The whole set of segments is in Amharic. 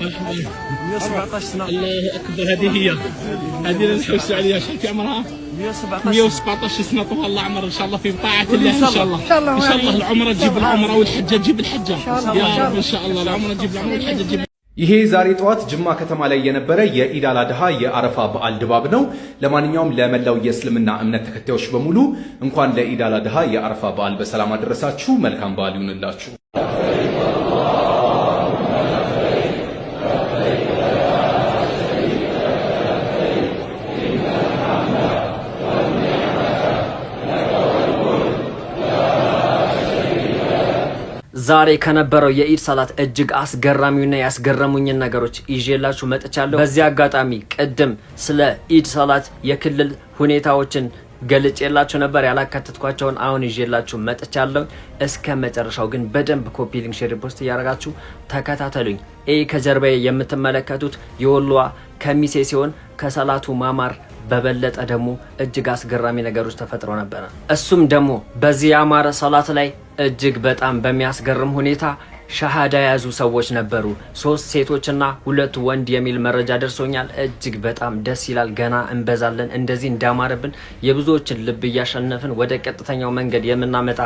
117 سنه الله اكبر هذه هي هذه اللي نحوس عليها شحال عمرها 117 117 سنه طول الله عمر ان شاء الله في طاعه الله ان شاء الله ان شاء الله, الله العمره تجيب العمره والحجه تجيب الحجه يا رب ان شاء الله العمره تجيب العمره والحجه تجيب ይሄ ዛሬ ጠዋት ጅማ ከተማ ላይ የነበረ የኢድ አል አድሃ የአረፋ በዓል ድባብ ነው። ለማንኛውም ለመላው የእስልምና እምነት ተከታዮች በሙሉ እንኳን ለኢድ አል አድሃ የአረፋ በዓል በሰላም አደረሳችሁ። መልካም በዓል ይሁንላችሁ። ዛሬ ከነበረው የኢድ ሰላት እጅግ አስገራሚውና ያስገረሙኝን ነገሮች ይዤላችሁ መጥቻለሁ። በዚህ አጋጣሚ ቅድም ስለ ኢድ ሰላት የክልል ሁኔታዎችን ገልጬላችሁ ነበር። ያላካተትኳቸውን አሁን ይዤላችሁ መጥቻለሁ። እስከ መጨረሻው ግን በደንብ ኮፒ ሊንክ፣ ሼር፣ ፖስት እያደረጋችሁ ተከታተሉኝ። ይህ ከጀርባዬ የምትመለከቱት የወሎዋ ከሚሴ ሲሆን ከሰላቱ ማማር በበለጠ ደግሞ እጅግ አስገራሚ ነገሮች ተፈጥሮ ነበረ። እሱም ደግሞ በዚህ የአማረ ሰላት ላይ እጅግ በጣም በሚያስገርም ሁኔታ ሻሃዳ የያዙ ሰዎች ነበሩ። ሶስት ሴቶችና ሁለት ወንድ የሚል መረጃ ደርሶኛል። እጅግ በጣም ደስ ይላል። ገና እንበዛለን። እንደዚህ እንዳማረብን የብዙዎችን ልብ እያሸነፍን ወደ ቀጥተኛው መንገድ የምናመጣ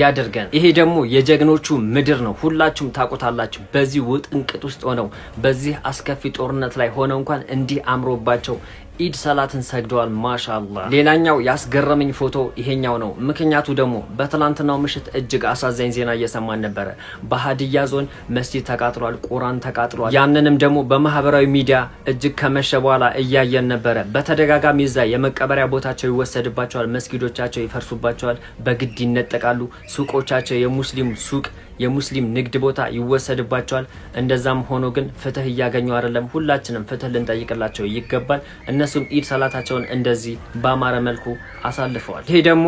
ያደርገን። ይሄ ደግሞ የጀግኖቹ ምድር ነው። ሁላችሁም ታቆታላችሁ። በዚህ ውጥንቅጥ ውስጥ ሆነው በዚህ አስከፊ ጦርነት ላይ ሆነው እንኳን እንዲህ አምሮባቸው ኢድ ሰላትን ሰግደዋል። ማሻላ ሌላኛው ያስገረመኝ ፎቶ ይሄኛው ነው። ምክንያቱ ደግሞ በትላንትናው ምሽት እጅግ አሳዛኝ ዜና እየሰማን ነበረ። በሀዲያ ዞን መስጂድ ተቃጥሏል፣ ቁራን ተቃጥሏል። ያንንም ደግሞ በማህበራዊ ሚዲያ እጅግ ከመሸ በኋላ እያየን ነበረ። በተደጋጋሚ እዛ የመቀበሪያ ቦታቸው ይወሰድባቸዋል፣ መስጊዶቻቸው ይፈርሱባቸዋል፣ በግድ ይነጠቃሉ። ሱቆቻቸው የሙስሊም ሱቅ የሙስሊም ንግድ ቦታ ይወሰድባቸዋል። እንደዛም ሆኖ ግን ፍትህ እያገኙ አይደለም። ሁላችንም ፍትህ ልንጠይቅላቸው ይገባል። እነሱም ኢድ ሰላታቸውን እንደዚህ በአማረ መልኩ አሳልፈዋል። ይሄ ደግሞ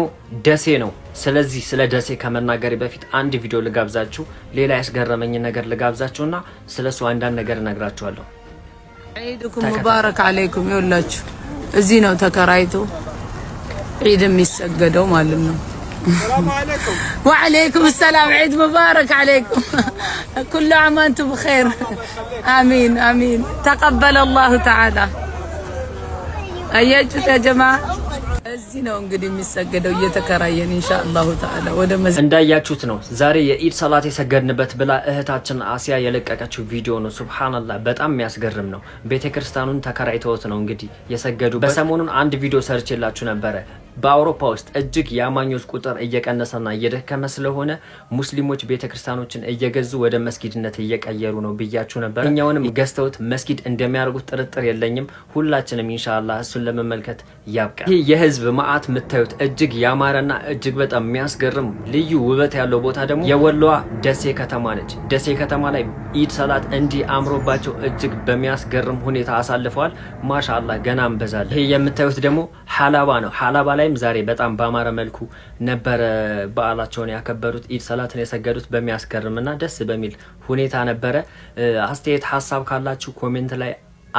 ደሴ ነው። ስለዚህ ስለ ደሴ ከመናገሬ በፊት አንድ ቪዲዮ ልጋብዛችሁ፣ ሌላ ያስገረመኝ ነገር ልጋብዛችሁና ስለ እሱ አንዳንድ ነገር እነግራችኋለሁ። ዒድኩም ሙባረክ አለይኩም። ይኸውላችሁ እዚህ ነው ተከራይቶ ዒድ የሚሰገደው ማለት ነው። ወዓለይኩም ሰላም ዒድ ሙባረክ ዓለይኩም ኩሉ ዓም ወአንቱም ብኸይር አሚን አሚን ተቀበለ አላሁ ተዓላ አያችሁት ያ ጀማ እዚህ ነው እንግዲህ የሚሰገደው እየተከራየን ኢንሻአላሁ ተዓላ ወደ እንዳያችሁት ነው ዛሬ የኢድ ሰላት የሰገድንበት ብላ እህታችን አሲያ የለቀቀችው ቪዲዮ ነው ሱብሃንአላህ በጣም የሚያስገርም ነው ቤተክርስቲያኑን ተከራይተውት ነው እንግዲህ የሰገዱ በሰሞኑን አንድ ቪዲዮ ሰርቼላችሁ ነበረ በአውሮፓ ውስጥ እጅግ የአማኞች ቁጥር እየቀነሰና እየደከመ ስለሆነ ሙስሊሞች ቤተክርስቲያኖችን እየገዙ ወደ መስጊድነት እየቀየሩ ነው ብያችሁ ነበር። እኛውንም ገዝተውት መስጊድ እንደሚያደርጉት ጥርጥር የለኝም። ሁላችንም ኢንሻላ እሱን ለመመልከት ያብቃል። ይህ የህዝብ መዓት የምታዩት እጅግ ያማረና እጅግ በጣም የሚያስገርም ልዩ ውበት ያለው ቦታ ደግሞ የወሎዋ ደሴ ከተማ ነች። ደሴ ከተማ ላይ ኢድ ሰላት እንዲህ አምሮባቸው እጅግ በሚያስገርም ሁኔታ አሳልፈዋል። ማሻላ ገና እንበዛለን። ይህ የምታዩት ደግሞ ሀላባ ነው። ሀላባ ላይም ዛሬ በጣም በአማረ መልኩ ነበረ በዓላቸውን ያከበሩት ኢድ ሰላትን የሰገዱት በሚያስገርምና ደስ በሚል ሁኔታ ነበረ። አስተያየት ሀሳብ ካላችሁ ኮሜንት ላይ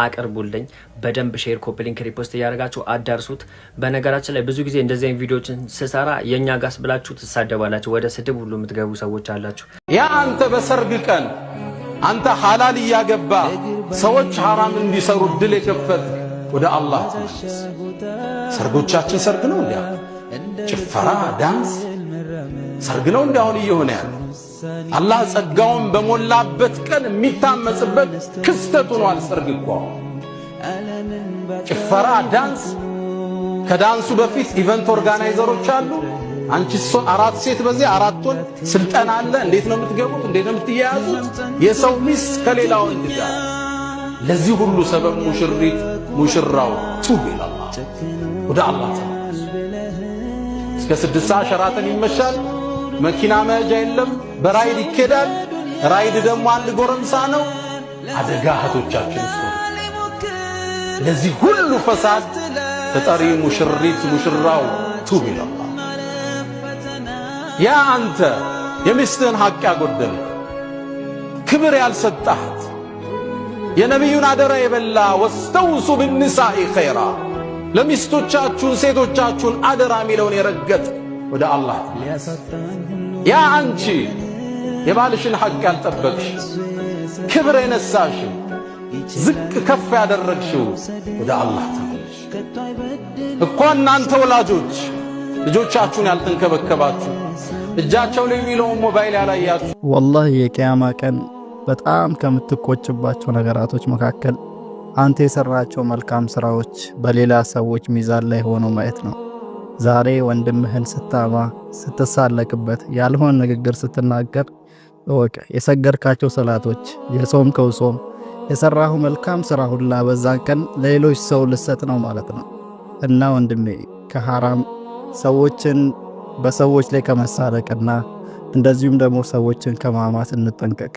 አቅርቡልኝ። በደንብ ሼር፣ ኮፒ ሊንክ፣ ሪፖስት እያደረጋችሁ አዳርሱት። በነገራችን ላይ ብዙ ጊዜ እንደዚህ ቪዲዮችን ስሰራ የእኛ ጋስ ብላችሁ ትሳደባላችሁ። ወደ ስድብ ሁሉ የምትገቡ ሰዎች አላችሁ። ያ አንተ በሰርግ ቀን አንተ ሀላል እያገባ ሰዎች ሀራም እንዲሰሩ እድል የከፈት ወደ አላህ መልስ። ሰርጎቻችን ሰርግ ነው እንዲያ ጭፈራ፣ ዳንስ፣ ሰርግ ነው እንዲያ አሁን እየሆነ ያለው አላህ ጸጋውን በሞላበት ቀን የሚታመጽበት ክስተት ሆኗል። ሰርግ እኮ ጭፈራ፣ ዳንስ ከዳንሱ በፊት ኢቨንት ኦርጋናይዘሮች አሉ። አንቺ አራት ሴት በዚህ አራት ወንድ ስልጠና አለ። እንዴት ነው የምትገቡት? እንዴት ነው የምትያያዙት? የሰው ሚስት ከሌላው እንግዳ ለዚህ ሁሉ ሰበብ ሙሽሪት ሙሽራው ቱብ ይላል ወደ አላህ እስከ ስድስት ሰዓት ሸራተን ይመሻል። መኪና መያዣ የለም። በራይድ ይኬዳል። ራይድ ደግሞ አንድ ጎረምሳ ነው። አደጋ እህቶቻችን ለዚህ ሁሉ ፈሳድ ተጠሪ ሙሽሪት ሙሽራው ቱብ ይላል። ያ አንተ የሚስትህን ሐቅ ያጎደልህ ክብር ያልሰጣት የነቢዩን አደራ የበላ ወስተውሱ ብንሳኢ ኸይራ ለሚስቶቻችሁን ሴቶቻችሁን አደራ የሚለውን የረገጥ ወደ አላህ ያ አንቺ የባልሽን ሐቅ ያልጠበቅሽ ክብር የነሳሽ ዝቅ ከፍ ያደረግሽው ወደ አላህ ተመለሽ። እናንተ ወላጆች ልጆቻችሁን ያልተንከበከባችሁ እጃቸው ላይ የሚለውን ሞባይል ያላያችሁ፣ ወላሂ የቅያማ ቀን በጣም ከምትቆጭባቸው ነገራቶች መካከል አንተ የሰራቸው መልካም ስራዎች በሌላ ሰዎች ሚዛን ላይ ሆኖ ማየት ነው። ዛሬ ወንድምህን ስታማ፣ ስትሳለቅበት፣ ያልሆነ ንግግር ስትናገር እወቅ። የሰገርካቸው ሰላቶች፣ የጾምከው ጾም፣ የሰራሁ መልካም ስራ ሁላ በዛን ቀን ለሌሎች ሰው ልሰጥ ነው ማለት ነው እና ወንድሜ ከሐራም ሰዎችን በሰዎች ላይ ከመሳለቅና እንደዚሁም ደግሞ ሰዎችን ከማማት እንጠንቀቅ።